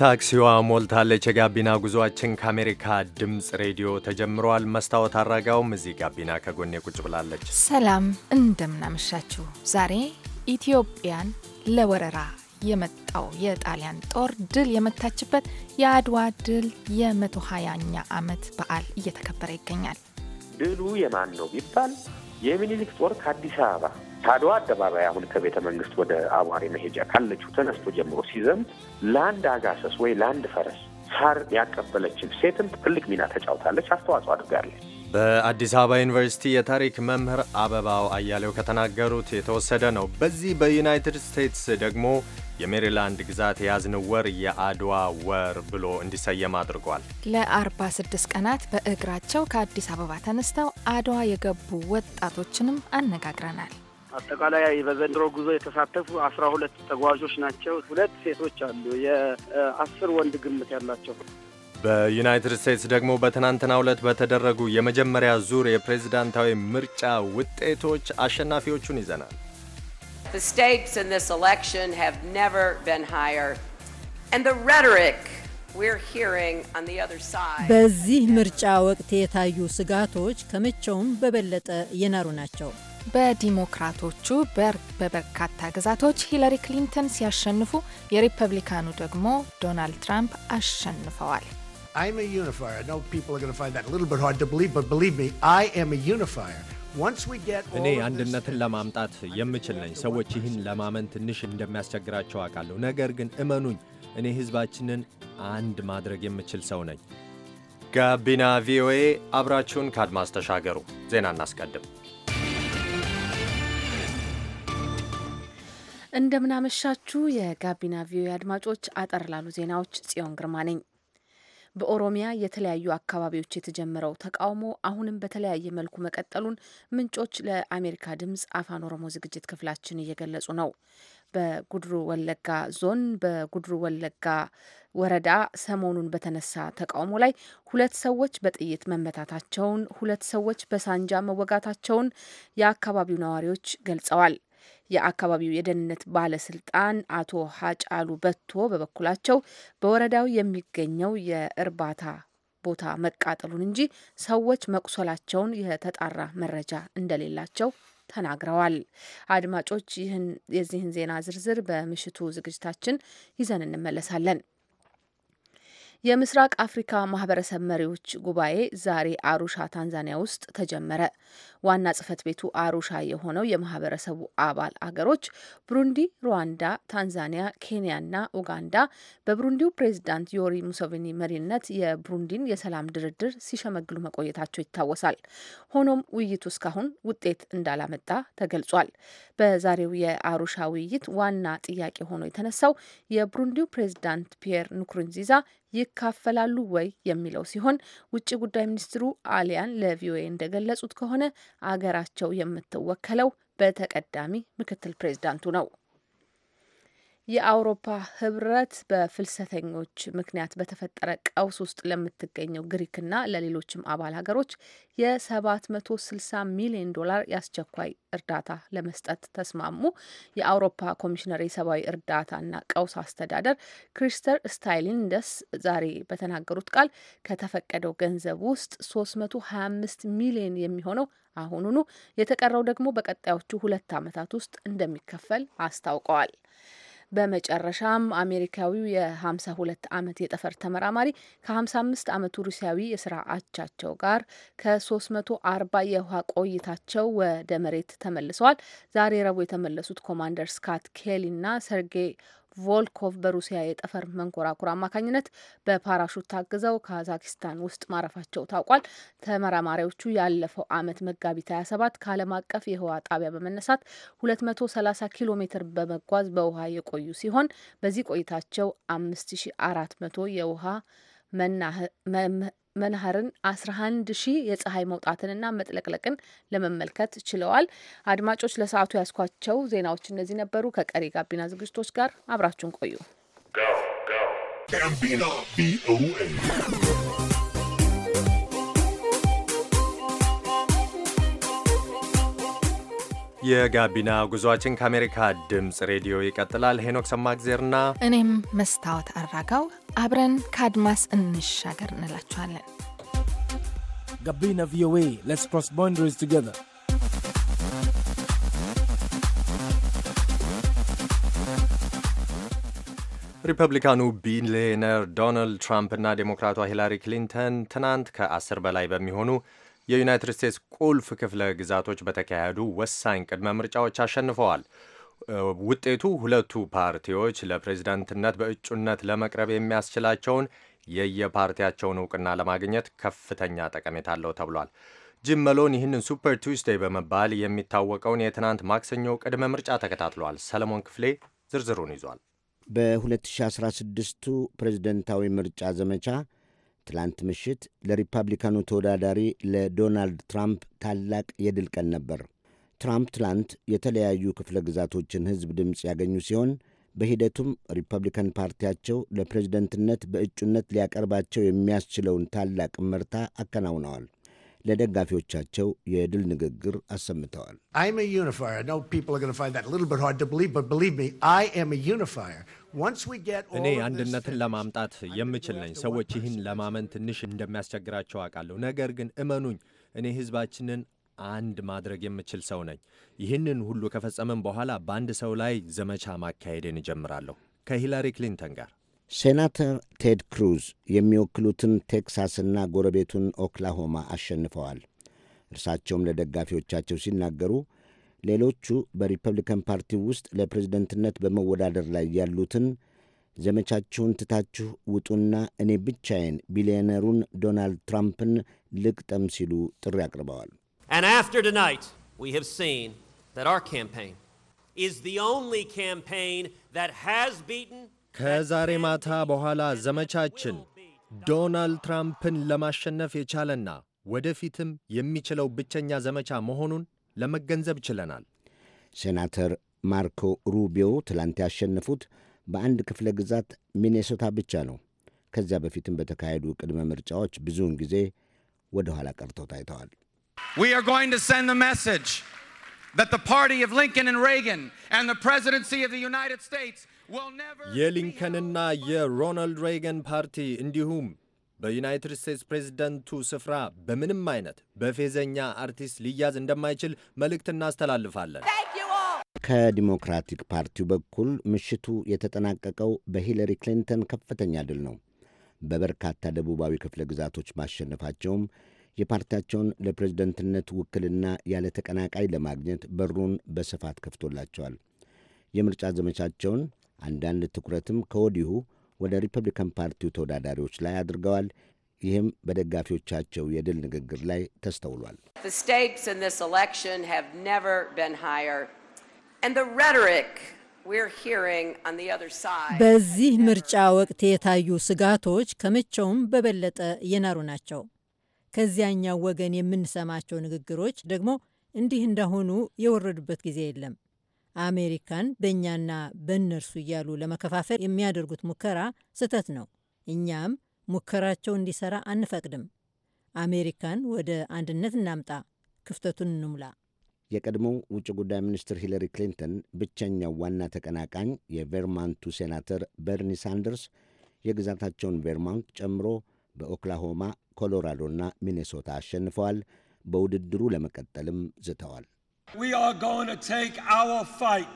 ታክሲዋ ሞልታለች። የጋቢና ጉዞአችን ከአሜሪካ ድምፅ ሬዲዮ ተጀምሯል። መስታወት አራጋውም እዚህ ጋቢና ከጎኔ ቁጭ ብላለች። ሰላም እንደምናመሻችሁ። ዛሬ ኢትዮጵያን ለወረራ የመጣው የጣሊያን ጦር ድል የመታችበት የአድዋ ድል የ120ኛ ዓመት በዓል እየተከበረ ይገኛል። ድሉ የማን ነው ቢባል የሚኒሊክ ጦር ከአዲስ አበባ ከአድዋ አደባባይ አሁን ከቤተ መንግስት ወደ አቧሬ መሄጃ ካለችው ተነስቶ ጀምሮ ሲዘምት ለአንድ አጋሰስ ወይ ለአንድ ፈረስ ሳር ያቀበለችን ሴትም ትልቅ ሚና ተጫውታለች፣ አስተዋጽኦ አድርጋለች። በአዲስ አበባ ዩኒቨርሲቲ የታሪክ መምህር አበባው አያሌው ከተናገሩት የተወሰደ ነው። በዚህ በዩናይትድ ስቴትስ ደግሞ የሜሪላንድ ግዛት የያዝን ወር የአድዋ ወር ብሎ እንዲሰየም አድርጓል። ለ46 ቀናት በእግራቸው ከአዲስ አበባ ተነስተው አድዋ የገቡ ወጣቶችንም አነጋግረናል። አጠቃላይ በዘንድሮ ጉዞ የተሳተፉ አስራ ሁለት ተጓዦች ናቸው። ሁለት ሴቶች አሉ። የአስር ወንድ ግምት ያላቸው። በዩናይትድ ስቴትስ ደግሞ በትናንትና ዕለት በተደረጉ የመጀመሪያ ዙር የፕሬዝዳንታዊ ምርጫ ውጤቶች አሸናፊዎቹን ይዘናል። The stakes in this election have never been higher. And the rhetoric we're hearing on the other side. በዚህ ምርጫ ወቅት የታዩ ስጋቶች ከመቼውም በበለጠ የናሩ ናቸው። በዲሞክራቶቹ በበርካታ ግዛቶች ሂለሪ ክሊንተን ሲያሸንፉ የሪፐብሊካኑ ደግሞ ዶናልድ ትራምፕ አሸንፈዋል። እኔ አንድነትን ለማምጣት የምችል ነኝ። ሰዎች ይህን ለማመን ትንሽ እንደሚያስቸግራቸው አውቃለሁ። ነገር ግን እመኑኝ፣ እኔ ሕዝባችንን አንድ ማድረግ የምችል ሰው ነኝ። ጋቢና ቪኦኤ፣ አብራችሁን ከአድማስ ተሻገሩ። ዜና እናስቀድም። እንደምናመሻችሁ የጋቢና ቪዮ አድማጮች፣ አጠር ላሉ ዜናዎች ጽዮን ግርማ ነኝ። በኦሮሚያ የተለያዩ አካባቢዎች የተጀመረው ተቃውሞ አሁንም በተለያየ መልኩ መቀጠሉን ምንጮች ለአሜሪካ ድምጽ አፋን ኦሮሞ ዝግጅት ክፍላችን እየገለጹ ነው። በጉድሩ ወለጋ ዞን በጉድሩ ወለጋ ወረዳ ሰሞኑን በተነሳ ተቃውሞ ላይ ሁለት ሰዎች በጥይት መመታታቸውን፣ ሁለት ሰዎች በሳንጃ መወጋታቸውን የአካባቢው ነዋሪዎች ገልጸዋል። የአካባቢው የደህንነት ባለስልጣን አቶ ሀጫሉ በቶ በበኩላቸው በወረዳው የሚገኘው የእርባታ ቦታ መቃጠሉን እንጂ ሰዎች መቁሰላቸውን የተጣራ መረጃ እንደሌላቸው ተናግረዋል። አድማጮች፣ ይህን የዚህን ዜና ዝርዝር በምሽቱ ዝግጅታችን ይዘን እንመለሳለን። የምስራቅ አፍሪካ ማህበረሰብ መሪዎች ጉባኤ ዛሬ አሩሻ ታንዛኒያ ውስጥ ተጀመረ። ዋና ጽህፈት ቤቱ አሩሻ የሆነው የማህበረሰቡ አባል አገሮች ብሩንዲ፣ ሩዋንዳ፣ ታንዛኒያ፣ ኬንያና ኡጋንዳ በብሩንዲው ፕሬዚዳንት ዮሪ ሙሶቪኒ መሪነት የብሩንዲን የሰላም ድርድር ሲሸመግሉ መቆየታቸው ይታወሳል። ሆኖም ውይይቱ እስካሁን ውጤት እንዳላመጣ ተገልጿል። በዛሬው የአሩሻ ውይይት ዋና ጥያቄ ሆኖ የተነሳው የብሩንዲው ፕሬዚዳንት ፒየር ንኩሩንዚዛ ይካፈላሉ ወይ የሚለው ሲሆን ውጭ ጉዳይ ሚኒስትሩ አሊያን ለቪኦኤ እንደገለጹት ከሆነ አገራቸው የምትወከለው በተቀዳሚ ምክትል ፕሬዚዳንቱ ነው። የአውሮፓ ህብረት በፍልሰተኞች ምክንያት በተፈጠረ ቀውስ ውስጥ ለምትገኘው ግሪክና ለሌሎችም አባል ሀገሮች የ760 ሚሊዮን ዶላር የአስቸኳይ እርዳታ ለመስጠት ተስማሙ። የአውሮፓ ኮሚሽነር የሰብአዊ እርዳታና ቀውስ አስተዳደር ክሪስተር ስታይሊንደስ ዛሬ በተናገሩት ቃል ከተፈቀደው ገንዘብ ውስጥ 325 ሚሊዮን የሚሆነው አሁኑኑ፣ የተቀረው ደግሞ በቀጣዮቹ ሁለት ዓመታት ውስጥ እንደሚከፈል አስታውቀዋል። በመጨረሻም አሜሪካዊው የ52 ዓመት የጠፈር ተመራማሪ ከ55 ዓመቱ ሩሲያዊ የስራ አቻቸው ጋር ከ340 የውሃ ቆይታቸው ወደ መሬት ተመልሰዋል። ዛሬ ረቡዕ የተመለሱት ኮማንደር ስካት ኬሊ እና ሰርጌይ ቮልኮቭ በሩሲያ የጠፈር መንኮራኩር አማካኝነት በፓራሹት ታግዘው ካዛኪስታን ውስጥ ማረፋቸው ታውቋል። ተመራማሪዎቹ ያለፈው ዓመት መጋቢት 27 ከዓለም አቀፍ የህዋ ጣቢያ በመነሳት 230 ኪሎ ሜትር በመጓዝ በውሃ የቆዩ ሲሆን በዚህ ቆይታቸው 5400 የውሃ መንሀርን 11 ሺህ የፀሐይ መውጣትንና መጥለቅለቅን ለመመልከት ችለዋል። አድማጮች ለሰዓቱ ያስኳቸው ዜናዎች እነዚህ ነበሩ። ከቀሪ ጋቢና ዝግጅቶች ጋር አብራችሁን ቆዩ። የጋቢና ጉዟችን ከአሜሪካ ድምፅ ሬዲዮ ይቀጥላል። ሄኖክ ሰማግዜርና እኔም መስታወት አራጋው አብረን ከአድማስ እንሻገር እንላችኋለን። ጋቢና ቪኦኤ ሌትስ ክሮስ ቦንደሪስ ቱጌዘር ሪፐብሊካኑ ቢሊዮነር ዶናልድ ትራምፕ እና ዴሞክራቷ ሂላሪ ክሊንተን ትናንት ከአስር በላይ በሚሆኑ የዩናይትድ ስቴትስ ቁልፍ ክፍለ ግዛቶች በተካሄዱ ወሳኝ ቅድመ ምርጫዎች አሸንፈዋል። ውጤቱ ሁለቱ ፓርቲዎች ለፕሬዝዳንትነት በእጩነት ለመቅረብ የሚያስችላቸውን የየፓርቲያቸውን እውቅና ለማግኘት ከፍተኛ ጠቀሜታ አለው ተብሏል። ጅም መሎን ይህንን ሱፐር ቱስዴይ በመባል የሚታወቀውን የትናንት ማክሰኞ ቅድመ ምርጫ ተከታትሏል። ሰለሞን ክፍሌ ዝርዝሩን ይዟል። በ2016ቱ ፕሬዝደንታዊ ምርጫ ዘመቻ ትላንት ምሽት ለሪፐብሊካኑ ተወዳዳሪ ለዶናልድ ትራምፕ ታላቅ የድል ቀን ነበር። ትራምፕ ትላንት የተለያዩ ክፍለ ግዛቶችን ሕዝብ ድምፅ ያገኙ ሲሆን በሂደቱም ሪፐብሊካን ፓርቲያቸው ለፕሬዝደንትነት በእጩነት ሊያቀርባቸው የሚያስችለውን ታላቅ ምርታ አከናውነዋል። ለደጋፊዎቻቸው የድል ንግግር አሰምተዋል። እኔ አንድነትን ለማምጣት የምችል ነኝ። ሰዎች ይህን ለማመን ትንሽ እንደሚያስቸግራቸው አውቃለሁ። ነገር ግን እመኑኝ፣ እኔ ህዝባችንን አንድ ማድረግ የምችል ሰው ነኝ። ይህንን ሁሉ ከፈጸምን በኋላ በአንድ ሰው ላይ ዘመቻ ማካሄድን እጀምራለሁ ከሂላሪ ክሊንተን ጋር ሴናተር ቴድ ክሩዝ የሚወክሉትን ቴክሳስና ጎረቤቱን ኦክላሆማ አሸንፈዋል። እርሳቸውም ለደጋፊዎቻቸው ሲናገሩ ሌሎቹ በሪፐብሊካን ፓርቲ ውስጥ ለፕሬዝደንትነት በመወዳደር ላይ ያሉትን ዘመቻችሁን ትታችሁ ውጡና እኔ ብቻዬን ቢሊዮነሩን ዶናልድ ትራምፕን ልቅጠም ሲሉ ጥሪ አቅርበዋል። ከዛሬ ማታ በኋላ ዘመቻችን ዶናልድ ትራምፕን ለማሸነፍ የቻለና ወደፊትም የሚችለው ብቸኛ ዘመቻ መሆኑን ለመገንዘብ ችለናል። ሴናተር ማርኮ ሩቢዮ ትላንት ያሸነፉት በአንድ ክፍለ ግዛት ሚኔሶታ ብቻ ነው። ከዚያ በፊትም በተካሄዱ ቅድመ ምርጫዎች ብዙውን ጊዜ ወደ ኋላ ቀርተው ታይተዋል። ፓርቲ ኦፍ ሊንከን ኤንድ ሬገን ኤንድ ፕሬዚደንሲ ኦፍ ዩናይትድ ስቴትስ የሊንከንና የሮናልድ ሬገን ፓርቲ እንዲሁም በዩናይትድ ስቴትስ ፕሬዝደንቱ ስፍራ በምንም አይነት በፌዘኛ አርቲስት ሊያዝ እንደማይችል መልእክት እናስተላልፋለን። ከዲሞክራቲክ ፓርቲው በኩል ምሽቱ የተጠናቀቀው በሂለሪ ክሊንተን ከፍተኛ ድል ነው። በበርካታ ደቡባዊ ክፍለ ግዛቶች ማሸነፋቸውም የፓርቲያቸውን ለፕሬዝደንትነት ውክልና ያለ ተቀናቃይ ለማግኘት በሩን በስፋት ከፍቶላቸዋል። የምርጫ ዘመቻቸውን አንዳንድ ትኩረትም ከወዲሁ ወደ ሪፐብሊካን ፓርቲው ተወዳዳሪዎች ላይ አድርገዋል። ይህም በደጋፊዎቻቸው የድል ንግግር ላይ ተስተውሏል። በዚህ ምርጫ ወቅት የታዩ ስጋቶች ከመቼውም በበለጠ የናሩ ናቸው። ከዚያኛው ወገን የምንሰማቸው ንግግሮች ደግሞ እንዲህ እንደሆኑ የወረዱበት ጊዜ የለም። አሜሪካን በእኛና በእነርሱ እያሉ ለመከፋፈል የሚያደርጉት ሙከራ ስህተት ነው። እኛም ሙከራቸው እንዲሰራ አንፈቅድም። አሜሪካን ወደ አንድነት እናምጣ፣ ክፍተቱን እንሙላ። የቀድሞው ውጭ ጉዳይ ሚኒስትር ሂለሪ ክሊንተን ብቸኛው ዋና ተቀናቃኝ የቬርማንቱ ሴናተር በርኒ ሳንደርስ የግዛታቸውን ቬርማንት ጨምሮ በኦክላሆማ፣ ኮሎራዶና ሚኔሶታ አሸንፈዋል። በውድድሩ ለመቀጠልም ዝተዋል። We are going to take our fight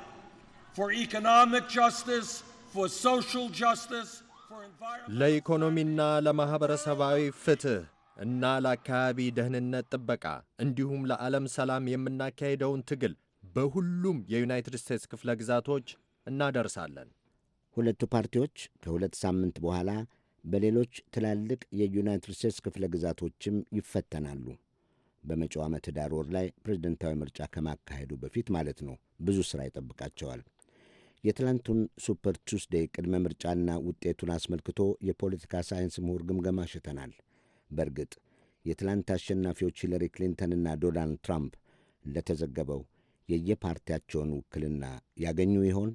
for economic justice, for social justice, for environmental ለኢኮኖሚና ለማህበረሰባዊ ፍትህ እና ለአካባቢ ደህንነት ጥበቃ እንዲሁም ለዓለም ሰላም የምናካሄደውን ትግል በሁሉም የዩናይትድ ስቴትስ ክፍለ ግዛቶች እናደርሳለን። ሁለቱ ፓርቲዎች ከሁለት ሳምንት በኋላ በሌሎች ትላልቅ የዩናይትድ ስቴትስ ክፍለ ግዛቶችም ይፈተናሉ። በመጪው ዓመት ዳር ወር ላይ ፕሬዝደንታዊ ምርጫ ከማካሄዱ በፊት ማለት ነው። ብዙ ሥራ ይጠብቃቸዋል። የትላንቱን ሱፐር ቱስዴይ ቅድመ ምርጫና ውጤቱን አስመልክቶ የፖለቲካ ሳይንስ ምሁር ግምገማ ሽተናል። በእርግጥ የትላንት አሸናፊዎች ሂለሪ ክሊንተንና ዶናልድ ትራምፕ እንደተዘገበው የየፓርቲያቸውን ውክልና ያገኙ ይሆን?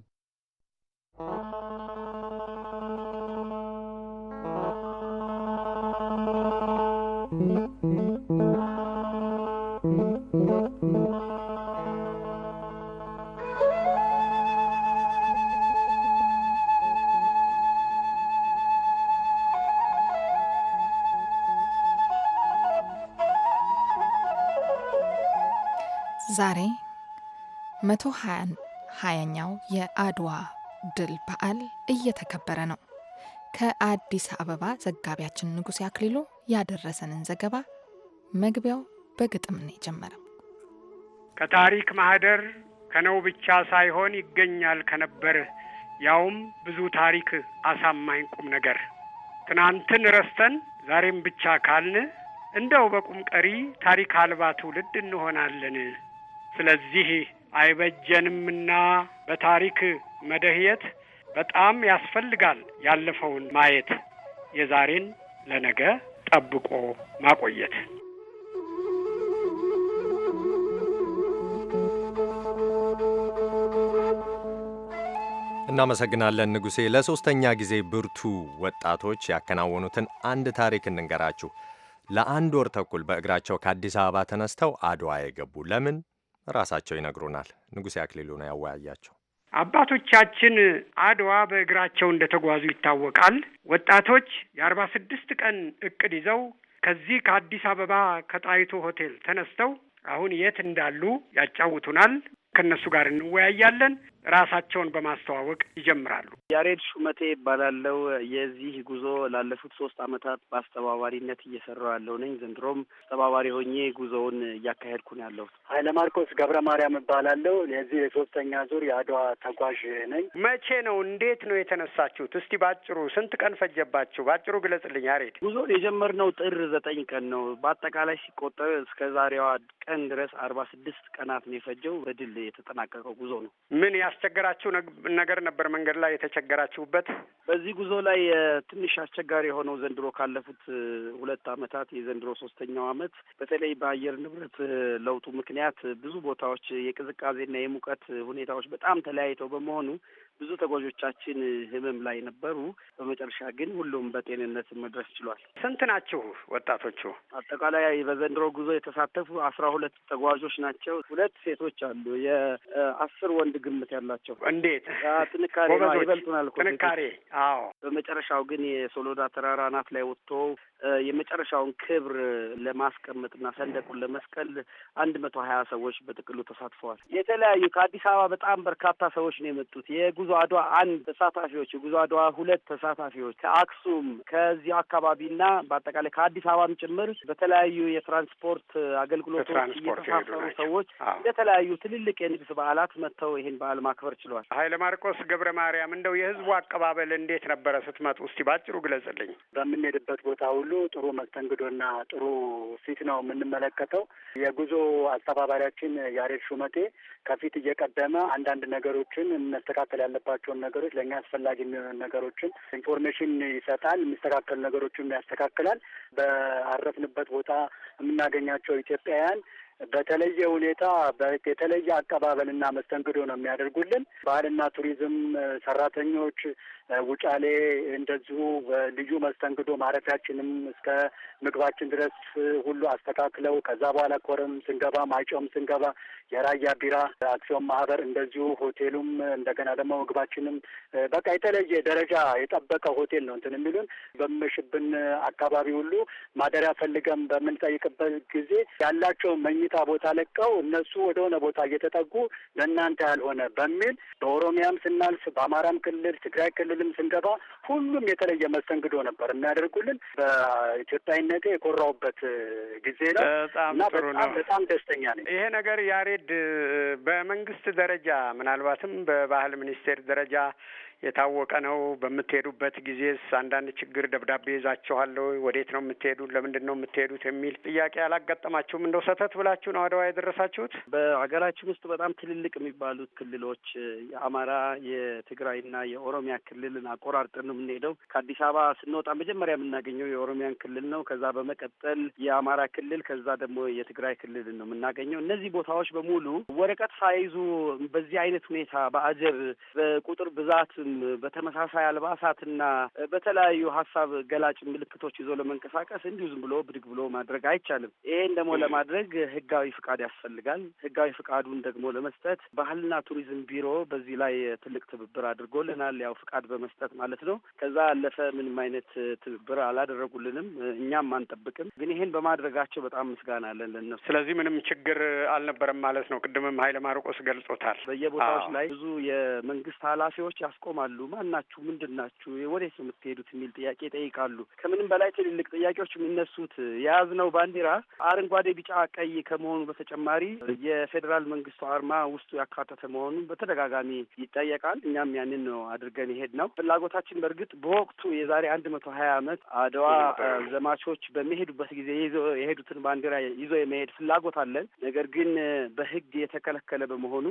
Mm-hmm. የመቶ ኛው የአድዋ ድል በዓል እየተከበረ ነው። ከአዲስ አበባ ዘጋቢያችን ንጉሥ አክሊሉ ያደረሰንን ዘገባ መግቢያው በግጥም ነው የጀመረው። ከታሪክ ማህደር ከነው ብቻ ሳይሆን ይገኛል ከነበር ያውም ብዙ ታሪክ አሳማኝ ቁም ነገር ትናንትን ረስተን ዛሬም ብቻ ካልን እንደው በቁም ቀሪ ታሪክ አልባ ትውልድ እንሆናለን። ስለዚህ አይበጀንምና በታሪክ መደህየት በጣም ያስፈልጋል። ያለፈውን ማየት፣ የዛሬን ለነገ ጠብቆ ማቆየት። እናመሰግናለን ንጉሴ። ለሦስተኛ ጊዜ ብርቱ ወጣቶች ያከናወኑትን አንድ ታሪክ እንንገራችሁ። ለአንድ ወር ተኩል በእግራቸው ከአዲስ አበባ ተነስተው አድዋ የገቡ ለምን? ራሳቸው ይነግሩናል። ንጉሴ አክሊሉ ነው ያወያያቸው። አባቶቻችን አድዋ በእግራቸው እንደተጓዙ ይታወቃል። ወጣቶች የአርባ ስድስት ቀን እቅድ ይዘው ከዚህ ከአዲስ አበባ ከጣይቱ ሆቴል ተነስተው አሁን የት እንዳሉ ያጫውቱናል። ከእነሱ ጋር እንወያያለን። ራሳቸውን በማስተዋወቅ ይጀምራሉ። ያሬድ ሹመቴ ይባላለው። የዚህ ጉዞ ላለፉት ሶስት አመታት በአስተባባሪነት እየሰራው ያለው ነኝ። ዘንድሮም አስተባባሪ ሆኜ ጉዞውን እያካሄድኩ ነው ያለሁት። ኃይለ ማርቆስ ገብረ ማርያም ይባላለው። የዚህ የሶስተኛ ዙር የአድዋ ተጓዥ ነኝ። መቼ ነው እንዴት ነው የተነሳችሁት? እስቲ ባጭሩ ስንት ቀን ፈጀባችሁ? ባጭሩ ግለጽልኝ ያሬድ። ጉዞን የጀመርነው ጥር ዘጠኝ ቀን ነው። በአጠቃላይ ሲቆጠር እስከ ዛሬዋ ቀን ድረስ አርባ ስድስት ቀናት ነው የፈጀው። በድል የተጠናቀቀው ጉዞ ነው። ምን ያ ያስቸገራችሁ ነገር ነበር? መንገድ ላይ የተቸገራችሁበት? በዚህ ጉዞ ላይ ትንሽ አስቸጋሪ የሆነው ዘንድሮ ካለፉት ሁለት ዓመታት የዘንድሮ ሶስተኛው ዓመት በተለይ በአየር ንብረት ለውጡ ምክንያት ብዙ ቦታዎች የቅዝቃዜና የሙቀት ሁኔታዎች በጣም ተለያይተው በመሆኑ ብዙ ተጓዦቻችን ህመም ላይ ነበሩ። በመጨረሻ ግን ሁሉም በጤንነት መድረስ ችሏል። ስንት ናችሁ ወጣቶቹ? አጠቃላይ በዘንድሮ ጉዞ የተሳተፉ አስራ ሁለት ተጓዦች ናቸው። ሁለት ሴቶች አሉ። የአስር ወንድ ግምት ያላቸው እንዴት ጥንካሬ ይበልጡናል። ጥንካሬ አዎ። በመጨረሻው ግን የሶሎዳ ተራራ አናት ላይ ወጥቶ የመጨረሻውን ክብር ለማስቀመጥና ሰንደቁን ለመስቀል አንድ መቶ ሀያ ሰዎች በጥቅሉ ተሳትፈዋል። የተለያዩ ከአዲስ አበባ በጣም በርካታ ሰዎች ነው የመጡት የጉ ጉዞ አድዋ አንድ ተሳታፊዎች የጉዞ አድዋ ሁለት ተሳታፊዎች ከአክሱም ከዚሁ አካባቢና በአጠቃላይ ከአዲስ አበባም ጭምር በተለያዩ የትራንስፖርት አገልግሎቶች እየተሳፈሩ ሰዎች የተለያዩ ትልልቅ የንግስ በዓላት መጥተው ይህን በዓል ማክበር ችሏል። ኃይለ ማርቆስ ገብረ ማርያም፣ እንደው የህዝቡ አቀባበል እንዴት ነበረ ስትመጡ? እስቲ ባጭሩ ግለጽልኝ። በምንሄድበት ቦታ ሁሉ ጥሩ መስተንግዶና ጥሩ ፊት ነው የምንመለከተው። የጉዞ አስተባባሪያችን ያሬድ ሹመቴ ከፊት እየቀደመ አንዳንድ ነገሮችን እነስተካከላለን ያለባቸውን ነገሮች፣ ለእኛ አስፈላጊ የሚሆኑ ነገሮችን ኢንፎርሜሽን ይሰጣል። የሚስተካከሉ ነገሮችም ያስተካክላል። በአረፍንበት ቦታ የምናገኛቸው ኢትዮጵያውያን በተለየ ሁኔታ የተለየ አቀባበልና መስተንግዶ ነው የሚያደርጉልን። ባህልና ቱሪዝም ሰራተኞች ውጫሌ እንደዚሁ በልዩ መስተንግዶ ማረፊያችንም እስከ ምግባችን ድረስ ሁሉ አስተካክለው ከዛ በኋላ ኮረም ስንገባ ማይጨውም ስንገባ የራያ ቢራ አክሲዮን ማህበር እንደዚሁ ሆቴሉም እንደገና ደግሞ ምግባችንም በቃ የተለየ ደረጃ የጠበቀ ሆቴል ነው እንትን የሚሉን በምሽብን አካባቢ ሁሉ ማደሪያ ፈልገን በምንጠይቅበት ጊዜ ያላቸው መኝታ ቦታ ለቀው እነሱ ወደሆነ ቦታ እየተጠጉ ለእናንተ ያልሆነ በሚል በኦሮሚያም ስናልፍ በአማራም ክልል ትግራይ ክልል ክልልም ስንገባ ሁሉም የተለየ መስተንግዶ ነበር የሚያደርጉልን። በኢትዮጵያዊነቴ የኮራውበት ጊዜ ነው እና በጣም በጣም ደስተኛ ነኝ። ይሄ ነገር ያሬድ በመንግስት ደረጃ ምናልባትም በባህል ሚኒስቴር ደረጃ የታወቀ ነው። በምትሄዱበት ጊዜስ አንዳንድ ችግር ደብዳቤ ይዛችኋለሁ? ወዴት ነው የምትሄዱት? ለምንድን ነው የምትሄዱት? የሚል ጥያቄ አላጋጠማችሁም? እንደው ሰተት ብላችሁ ነው አድዋ የደረሳችሁት? በሀገራችን ውስጥ በጣም ትልልቅ የሚባሉት ክልሎች የአማራ የትግራይና የኦሮሚያ ክልልን አቆራርጠን ነው የምንሄደው። ከአዲስ አበባ ስንወጣ መጀመሪያ የምናገኘው የኦሮሚያን ክልል ነው። ከዛ በመቀጠል የአማራ ክልል፣ ከዛ ደግሞ የትግራይ ክልልን ነው የምናገኘው። እነዚህ ቦታዎች በሙሉ ወረቀት ሳይዙ በዚህ አይነት ሁኔታ በአጀብ በቁጥር ብዛት በተመሳሳይ አልባሳትና በተለያዩ ሀሳብ ገላጭ ምልክቶች ይዞ ለመንቀሳቀስ እንዲሁ ዝም ብሎ ብድግ ብሎ ማድረግ አይቻልም። ይሄን ደግሞ ለማድረግ ህጋዊ ፍቃድ ያስፈልጋል። ህጋዊ ፍቃዱን ደግሞ ለመስጠት ባህልና ቱሪዝም ቢሮ በዚህ ላይ ትልቅ ትብብር አድርጎልናል። ያው ፍቃድ በመስጠት ማለት ነው። ከዛ ያለፈ ምንም አይነት ትብብር አላደረጉልንም፣ እኛም አንጠብቅም። ግን ይሄን በማድረጋቸው በጣም ምስጋና አለን ለነሱ። ስለዚህ ምንም ችግር አልነበረም ማለት ነው። ቅድምም ሀይለ ማርቆስ ገልጾታል። በየቦታዎች ላይ ብዙ የመንግስት ኃላፊዎች ያስቆማል ያቆማሉ። ማናችሁ? ምንድን ናችሁ? ወዴት ነው የምትሄዱት? የሚል ጥያቄ ይጠይቃሉ። ከምንም በላይ ትልልቅ ጥያቄዎች የሚነሱት የያዝነው ባንዲራ አረንጓዴ፣ ቢጫ፣ ቀይ ከመሆኑ በተጨማሪ የፌዴራል መንግስቱ አርማ ውስጡ ያካተተ መሆኑ በተደጋጋሚ ይጠየቃል። እኛም ያንን ነው አድርገን ይሄድ ነው። ፍላጎታችን በእርግጥ በወቅቱ የዛሬ አንድ መቶ ሀያ ዓመት አድዋ ዘማቾች በሚሄዱበት ጊዜ ይዞ የሄዱትን ባንዲራ ይዞ የመሄድ ፍላጎት አለን። ነገር ግን በህግ የተከለከለ በመሆኑ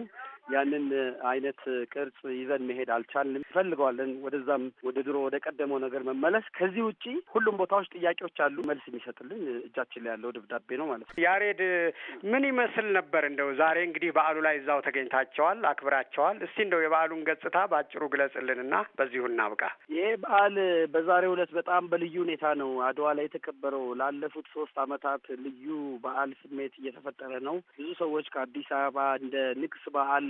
ያንን አይነት ቅርጽ ይዘን መሄድ አልቻልንም። እንፈልገዋለን። ወደዛም ወደ ድሮ ወደ ቀደመው ነገር መመለስ። ከዚህ ውጪ ሁሉም ቦታዎች ጥያቄዎች አሉ። መልስ የሚሰጥልን እጃችን ላይ ያለው ደብዳቤ ነው ማለት ነው። ያሬድ ምን ይመስል ነበር? እንደው ዛሬ እንግዲህ በዓሉ ላይ እዛው ተገኝታቸዋል፣ አክብራቸዋል። እስቲ እንደው የበዓሉን ገጽታ በአጭሩ ግለጽልንና በዚሁ እናብቃ። ይህ በዓል በዛሬው ዕለት በጣም በልዩ ሁኔታ ነው አድዋ ላይ የተከበረው። ላለፉት ሶስት አመታት ልዩ በዓል ስሜት እየተፈጠረ ነው። ብዙ ሰዎች ከአዲስ አበባ እንደ ንግስ በዓል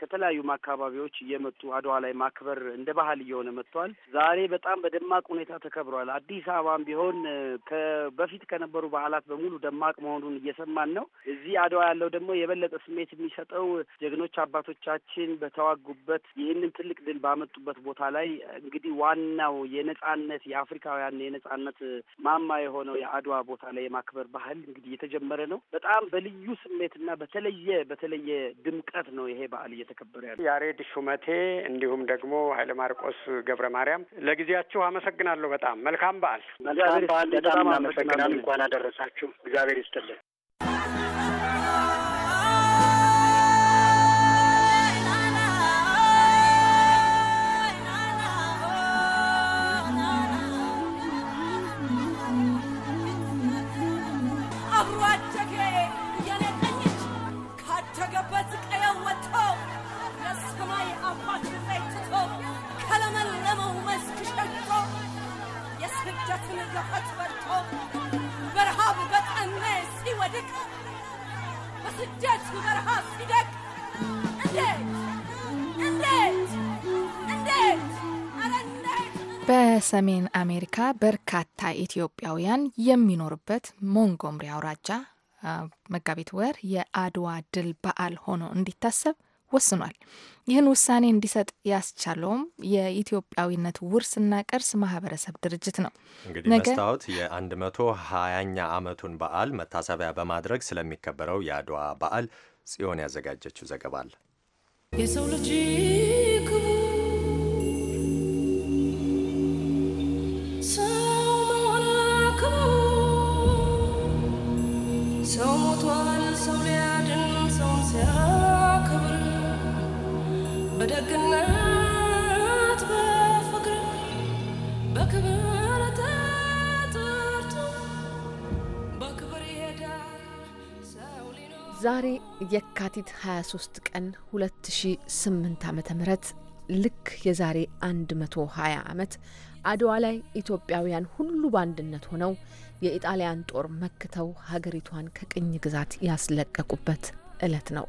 ከተለያዩም አካባቢዎች እየመጡ አድዋ ላይ ማካ ማክበር እንደ ባህል እየሆነ መጥቷል። ዛሬ በጣም በደማቅ ሁኔታ ተከብሯል። አዲስ አበባም ቢሆን በፊት ከነበሩ ባህላት በሙሉ ደማቅ መሆኑን እየሰማን ነው። እዚህ አድዋ ያለው ደግሞ የበለጠ ስሜት የሚሰጠው ጀግኖች አባቶቻችን በተዋጉበት ይህንን ትልቅ ድል ባመጡበት ቦታ ላይ እንግዲህ ዋናው የነጻነት የአፍሪካውያን የነጻነት ማማ የሆነው የአድዋ ቦታ ላይ የማክበር ባህል እንግዲህ እየተጀመረ ነው። በጣም በልዩ ስሜትና በተለየ በተለየ ድምቀት ነው ይሄ በዓል እየተከበረ ያለ ያሬድ ሹመቴ እንዲሁም ደግሞ ደግሞ ኃይለ ማርቆስ ገብረ ማርያም ለጊዜያችሁ አመሰግናለሁ። በጣም መልካም በዓል። መልካም በዓል። በጣም አመሰግናለሁ። እንኳን አደረሳችሁ። እግዚአብሔር ይስጥልን። በረሃብ ሲወድቅ በስደት በረሃ ሲደቅ በሰሜን አሜሪካ በርካታ ኢትዮጵያውያን የሚኖርበት ሞንጎምሪ አውራጃ መጋቢት ወር የአድዋ ድል በዓል ሆኖ እንዲታሰብ ወስኗል። ይህን ውሳኔ እንዲሰጥ ያስቻለውም የኢትዮጵያዊነት ውርስና ቅርስ ማህበረሰብ ድርጅት ነው። እንግዲህ መስታወት የአንድ መቶ ሀያኛ ዓመቱን በዓል መታሰቢያ በማድረግ ስለሚከበረው የአድዋ በዓል ጽዮን ያዘጋጀችው ዘገባ አለ። የሰው ልጅ በደግነት በፍቅር በክብር ተጠርቶ በክብር ሰው ሊኖር ዛሬ የካቲት 23 ቀን 2008 ዓ ም ልክ የዛሬ 120 ዓመት አድዋ ላይ ኢትዮጵያውያን ሁሉ በአንድነት ሆነው የኢጣሊያን ጦር መክተው ሀገሪቷን ከቅኝ ግዛት ያስለቀቁበት ዕለት ነው።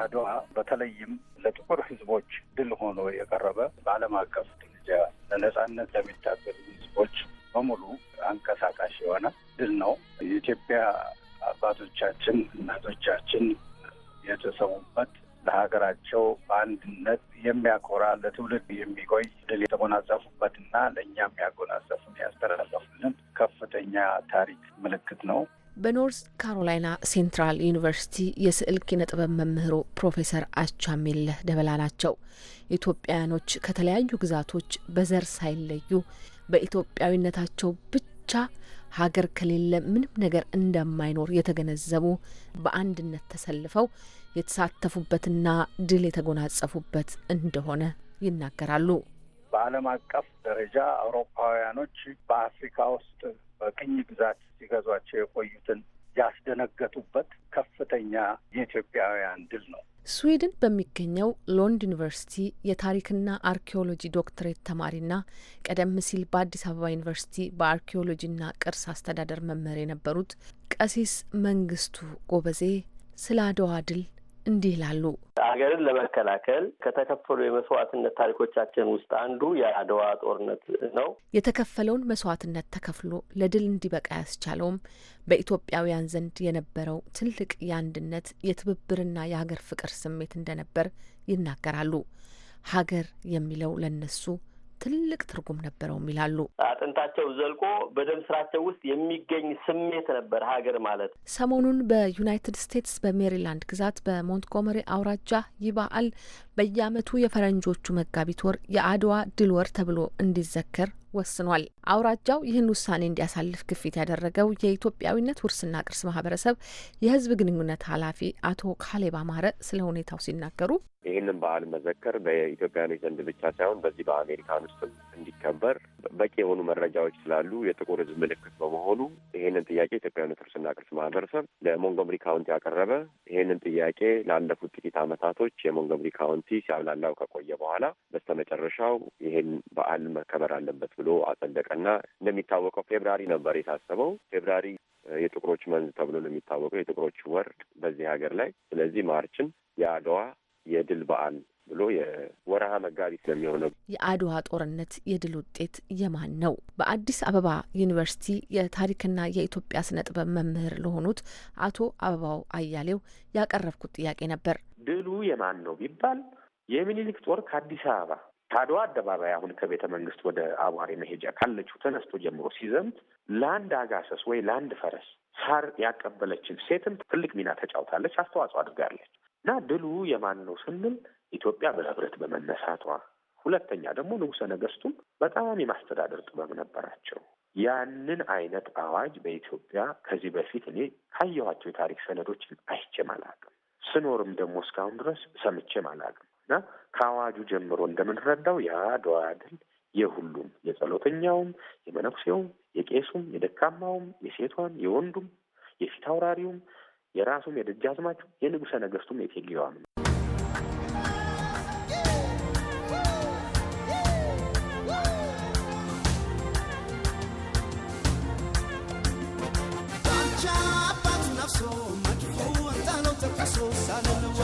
አድዋ በተለይም ለጥቁር ህዝቦች ድል ሆኖ የቀረበ በዓለም አቀፍ ደረጃ ለነጻነት ለሚታገሉ ህዝቦች በሙሉ አንቀሳቃሽ የሆነ ድል ነው። የኢትዮጵያ አባቶቻችን እናቶቻችን የተሰዉበት ለሀገራቸው በአንድነት የሚያኮራ ለትውልድ የሚቆይ ድል የተጎናጸፉበትና ለእኛም ያጎናጸፉን ያስተላለፉልን ከፍተኛ ታሪክ ምልክት ነው። በኖርዝ ካሮላይና ሴንትራል ዩኒቨርሲቲ የስዕል ኪነ ጥበብ መምህሩ ፕሮፌሰር አቻሜለህ ደበላ ናቸው። ኢትዮጵያውያኖች ከተለያዩ ግዛቶች በዘር ሳይለዩ በኢትዮጵያዊነታቸው ብቻ ሀገር ከሌለ ምንም ነገር እንደማይኖር የተገነዘቡ በአንድነት ተሰልፈው የተሳተፉበትና ድል የተጎናጸፉበት እንደሆነ ይናገራሉ። በዓለም አቀፍ ደረጃ አውሮፓውያኖች በአፍሪካ ውስጥ በቅኝ ግዛት ሲገዟቸው የቆዩትን ያስደነገጡበት ከፍተኛ የኢትዮጵያውያን ድል ነው። ስዊድን በሚገኘው ሎንድ ዩኒቨርሲቲ የታሪክና አርኪኦሎጂ ዶክትሬት ተማሪና ቀደም ሲል በአዲስ አበባ ዩኒቨርሲቲ በአርኪኦሎጂና ቅርስ አስተዳደር መምህር የነበሩት ቀሲስ መንግስቱ ጎበዜ ስለ አድዋ ድል እንዲህ ይላሉ። ሀገርን ለመከላከል ከተከፈሉ የመስዋዕትነት ታሪኮቻችን ውስጥ አንዱ የአድዋ ጦርነት ነው። የተከፈለውን መስዋዕትነት ተከፍሎ ለድል እንዲበቃ ያስቻለውም በኢትዮጵያውያን ዘንድ የነበረው ትልቅ የአንድነት የትብብርና የሀገር ፍቅር ስሜት እንደነበር ይናገራሉ። ሀገር የሚለው ለነሱ ትልቅ ትርጉም ነበረውም ይላሉ። አጥንታቸው ዘልቆ በደም ስራቸው ውስጥ የሚገኝ ስሜት ነበር ሀገር ማለት። ሰሞኑን በዩናይትድ ስቴትስ በሜሪላንድ ግዛት በሞንትጎመሪ አውራጃ ይህ በዓል በየአመቱ የፈረንጆቹ መጋቢት ወር የአድዋ ድል ወር ተብሎ እንዲዘከር ወስኗል። አውራጃው ይህን ውሳኔ እንዲያሳልፍ ግፊት ያደረገው የኢትዮጵያዊነት ውርስና ቅርስ ማህበረሰብ የህዝብ ግንኙነት ኃላፊ አቶ ካሌባ ማረ ስለ ሁኔታው ሲናገሩ ይህንን ባህል መዘከር በኢትዮጵያኖች ዘንድ ብቻ ሳይሆን በዚህ በአሜሪካን ውስጥ እንዲከበር በቂ የሆኑ መረጃዎች ስላሉ የጥቁር ህዝብ ምልክት በመሆኑ ይህንን ጥያቄ ኢትዮጵያዊነት ውርስና ቅርስ ማህበረሰብ ለሞንጎምሪ ካውንቲ ያቀረበ ይህንን ጥያቄ ላለፉት ጥቂት አመታቶች የሞንጎምሪ ካውንቲ ሲያብላላው ከቆየ በኋላ በስተመጨረሻው ይህን በዓል መከበር አለበት ብሎ አጸደቀና እንደሚታወቀው ፌብራሪ ነበር የታሰበው። ፌብራሪ የጥቁሮች መንዝ ተብሎ ነው የሚታወቀው፣ የጥቁሮች ወር በዚህ ሀገር ላይ። ስለዚህ ማርችን የአድዋ የድል በዓል ብሎ የወረሃ መጋቢት ስለሚሆነው የአድዋ ጦርነት የድል ውጤት የማን ነው? በአዲስ አበባ ዩኒቨርሲቲ የታሪክና የኢትዮጵያ ስነ ጥበብ መምህር ለሆኑት አቶ አበባው አያሌው ያቀረብኩት ጥያቄ ነበር። ድሉ የማን ነው ቢባል የሚኒሊክ ጦር ከአዲስ አበባ ከአድዋ አደባባይ አሁን ከቤተ መንግስት ወደ አቧሬ መሄጃ ካለችው ተነስቶ ጀምሮ ሲዘምት ለአንድ አጋሰስ ወይ ለአንድ ፈረስ ሳር ያቀበለችን ሴትም ትልቅ ሚና ተጫውታለች፣ አስተዋጽኦ አድርጋለች እና ድሉ የማን ነው ስንል ኢትዮጵያ በህብረት በመነሳቷ፣ ሁለተኛ ደግሞ ንጉሰ ነገስቱም በጣም የማስተዳደር ጥበብ ነበራቸው። ያንን አይነት አዋጅ በኢትዮጵያ ከዚህ በፊት እኔ ካየኋቸው የታሪክ ሰነዶችን አይቼም አላቅም፣ ስኖርም ደግሞ እስካሁን ድረስ ሰምቼም አላቅም። እና ከአዋጁ ጀምሮ እንደምንረዳው የአድዋ ድል የሁሉም የጸሎተኛውም፣ የመነኩሴውም፣ የቄሱም፣ የደካማውም፣ የሴቷም፣ የወንዱም፣ የፊት አውራሪውም፣ የራሱም፣ የደጃዝማቹም፣ የንጉሠ ነገሥቱም የቴጌዋም ነው። So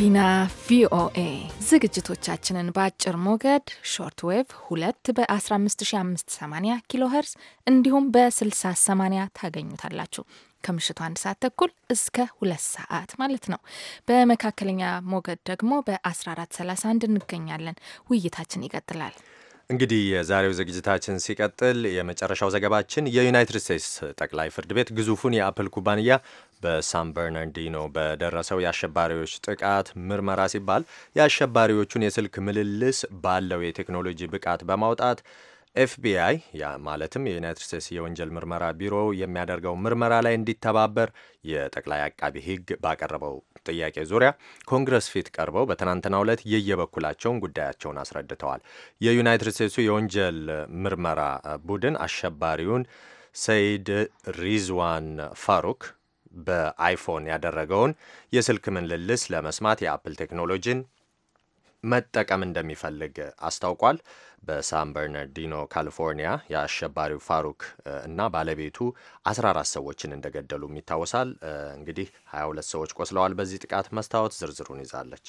ጋቢና ቪኦኤ ዝግጅቶቻችንን በአጭር ሞገድ ሾርት ዌቭ ሁለት በ15580 ኪሎ ሄርዝ እንዲሁም በ6080 ታገኙታላችሁ። ከምሽቱ አንድ ሰዓት ተኩል እስከ ሁለት ሰዓት ማለት ነው። በመካከለኛ ሞገድ ደግሞ በ1431 እንገኛለን። ውይይታችን ይቀጥላል። እንግዲህ የዛሬው ዝግጅታችን ሲቀጥል የመጨረሻው ዘገባችን የዩናይትድ ስቴትስ ጠቅላይ ፍርድ ቤት ግዙፉን የአፕል ኩባንያ በሳን በርናርዲኖ በደረሰው የአሸባሪዎች ጥቃት ምርመራ ሲባል የአሸባሪዎቹን የስልክ ምልልስ ባለው የቴክኖሎጂ ብቃት በማውጣት ኤፍቢአይ ያ ማለትም የዩናይትድ ስቴትስ የወንጀል ምርመራ ቢሮ የሚያደርገው ምርመራ ላይ እንዲተባበር የጠቅላይ አቃቢ ሕግ ባቀረበው ጥያቄ ዙሪያ ኮንግረስ ፊት ቀርበው በትናንትናው ዕለት የየበኩላቸውን ጉዳያቸውን አስረድተዋል። የዩናይትድ ስቴትሱ የወንጀል ምርመራ ቡድን አሸባሪውን ሰይድ ሪዝዋን ፋሩክ በአይፎን ያደረገውን የስልክ ምልልስ ለመስማት የአፕል ቴክኖሎጂን መጠቀም እንደሚፈልግ አስታውቋል። በሳን በርናርዲኖ ካሊፎርኒያ የአሸባሪው ፋሩክ እና ባለቤቱ 14 ሰዎችን እንደገደሉም ይታወሳል። እንግዲህ 22 ሰዎች ቆስለዋል በዚህ ጥቃት። መስታወት ዝርዝሩን ይዛለች።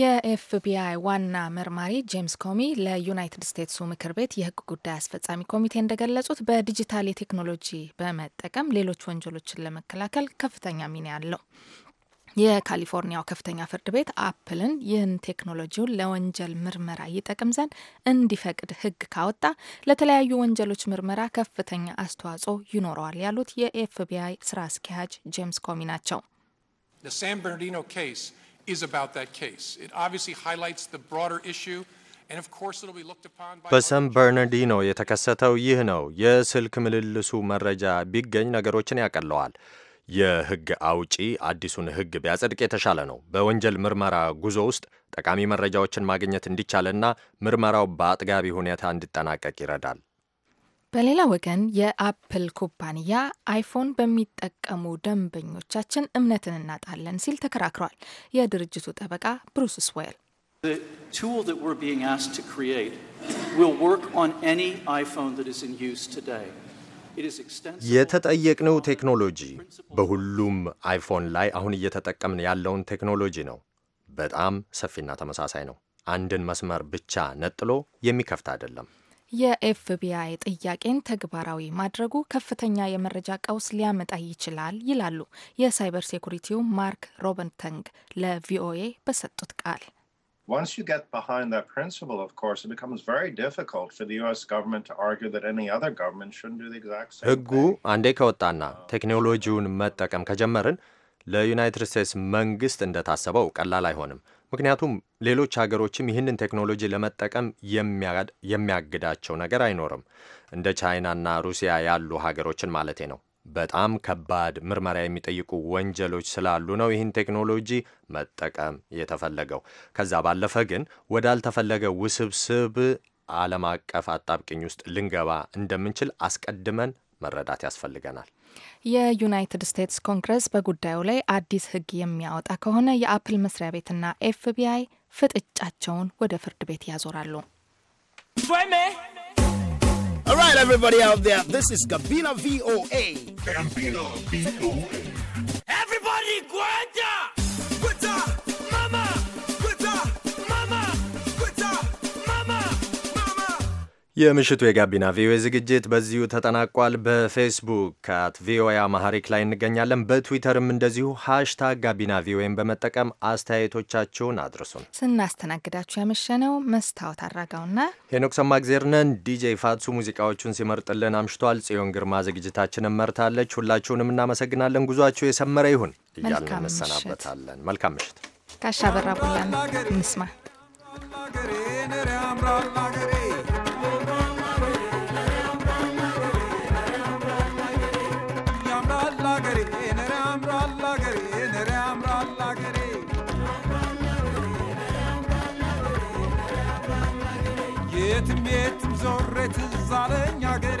የኤፍቢአይ ዋና መርማሪ ጄምስ ኮሚ ለዩናይትድ ስቴትሱ ምክር ቤት የሕግ ጉዳይ አስፈጻሚ ኮሚቴ እንደገለጹት በዲጂታል የቴክኖሎጂ በመጠቀም ሌሎች ወንጀሎችን ለመከላከል ከፍተኛ ሚና አለው። የካሊፎርኒያው ከፍተኛ ፍርድ ቤት አፕልን ይህን ቴክኖሎጂውን ለወንጀል ምርመራ ይጠቅም ዘንድ እንዲፈቅድ ሕግ ካወጣ ለተለያዩ ወንጀሎች ምርመራ ከፍተኛ አስተዋጽኦ ይኖረዋል ያሉት የኤፍቢአይ ስራ አስኪያጅ ጄምስ ኮሚ ናቸው። በሰን በርናርዲኖ የተከሰተው ይህ ነው። የስልክ ምልልሱ መረጃ ቢገኝ ነገሮችን ያቀለዋል። የህግ አውጪ አዲሱን ህግ ቢያጸድቅ የተሻለ ነው። በወንጀል ምርመራ ጉዞ ውስጥ ጠቃሚ መረጃዎችን ማግኘት እንዲቻልና ምርመራው በአጥጋቢ ሁኔታ እንዲጠናቀቅ ይረዳል። በሌላ ወገን የአፕል ኩባንያ አይፎን በሚጠቀሙ ደንበኞቻችን እምነትን እናጣለን ሲል ተከራክሯል። የድርጅቱ ጠበቃ ብሩስ ስዌል የተጠየቅነው ቴክኖሎጂ በሁሉም አይፎን ላይ አሁን እየተጠቀምን ያለውን ቴክኖሎጂ ነው። በጣም ሰፊና ተመሳሳይ ነው። አንድን መስመር ብቻ ነጥሎ የሚከፍት አይደለም። የኤፍቢአይ ጥያቄን ተግባራዊ ማድረጉ ከፍተኛ የመረጃ ቀውስ ሊያመጣ ይችላል ይላሉ የሳይበር ሴኩሪቲው ማርክ ሮበንተንግ ለቪኦኤ በሰጡት ቃል። Once you get behind that principle, of course, it becomes very difficult for the US government to argue that any other government shouldn't do the exact same. ህጉ አንዴ ከወጣና ቴክኖሎጂውን መጠቀም ከጀመርን ለዩናይትድ ስቴትስ መንግስት እንደታሰበው ቀላል አይሆንም። ምክንያቱም ሌሎች ሀገሮችም ይህንን ቴክኖሎጂ ለመጠቀም የሚያግዳቸው ነገር አይኖርም። እንደ ቻይናና ሩሲያ ያሉ ሀገሮችን ማለቴ ነው። በጣም ከባድ ምርመራ የሚጠይቁ ወንጀሎች ስላሉ ነው ይህን ቴክኖሎጂ መጠቀም የተፈለገው። ከዛ ባለፈ ግን ወዳልተፈለገ ውስብስብ ዓለም አቀፍ አጣብቅኝ ውስጥ ልንገባ እንደምንችል አስቀድመን መረዳት ያስፈልገናል። የዩናይትድ ስቴትስ ኮንግረስ በጉዳዩ ላይ አዲስ ሕግ የሚያወጣ ከሆነ የአፕል መስሪያ ቤትና ኤፍቢአይ ፍጥጫቸውን ወደ ፍርድ ቤት ያዞራሉ። right, everybody out there, this is Gabina VOA. Gabina VOA. Everybody, quiet! የምሽቱ የጋቢና ቪኦኤ ዝግጅት በዚሁ ተጠናቋል። በፌስቡክ አት ቪኦኤ አማሐሪክ ላይ እንገኛለን። በትዊተርም እንደዚሁ ሃሽታግ ጋቢና ቪኦኤን በመጠቀም አስተያየቶቻችሁን አድርሱን። ስናስተናግዳችሁ ያመሸነው መስታወት አድራጋውና ሄኖክ ግዜርነን ዲጄ ፋትሱ ሙዚቃዎቹን ሲመርጥልን አምሽቷል። ጽዮን ግርማ ዝግጅታችንን መርታለች። ሁላችሁንም እናመሰግናለን። ጉዟችሁ የሰመረ ይሁን እያልን እንሰናበታለን። መልካም ምሽት። ጋሻ በራ ቡላ እንስማ ዞሬ ትዝ አለኝ አገሬ